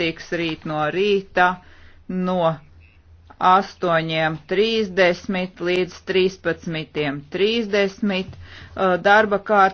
notiks rīt no rīta no 8.30 līdz 13.30 darba kārt.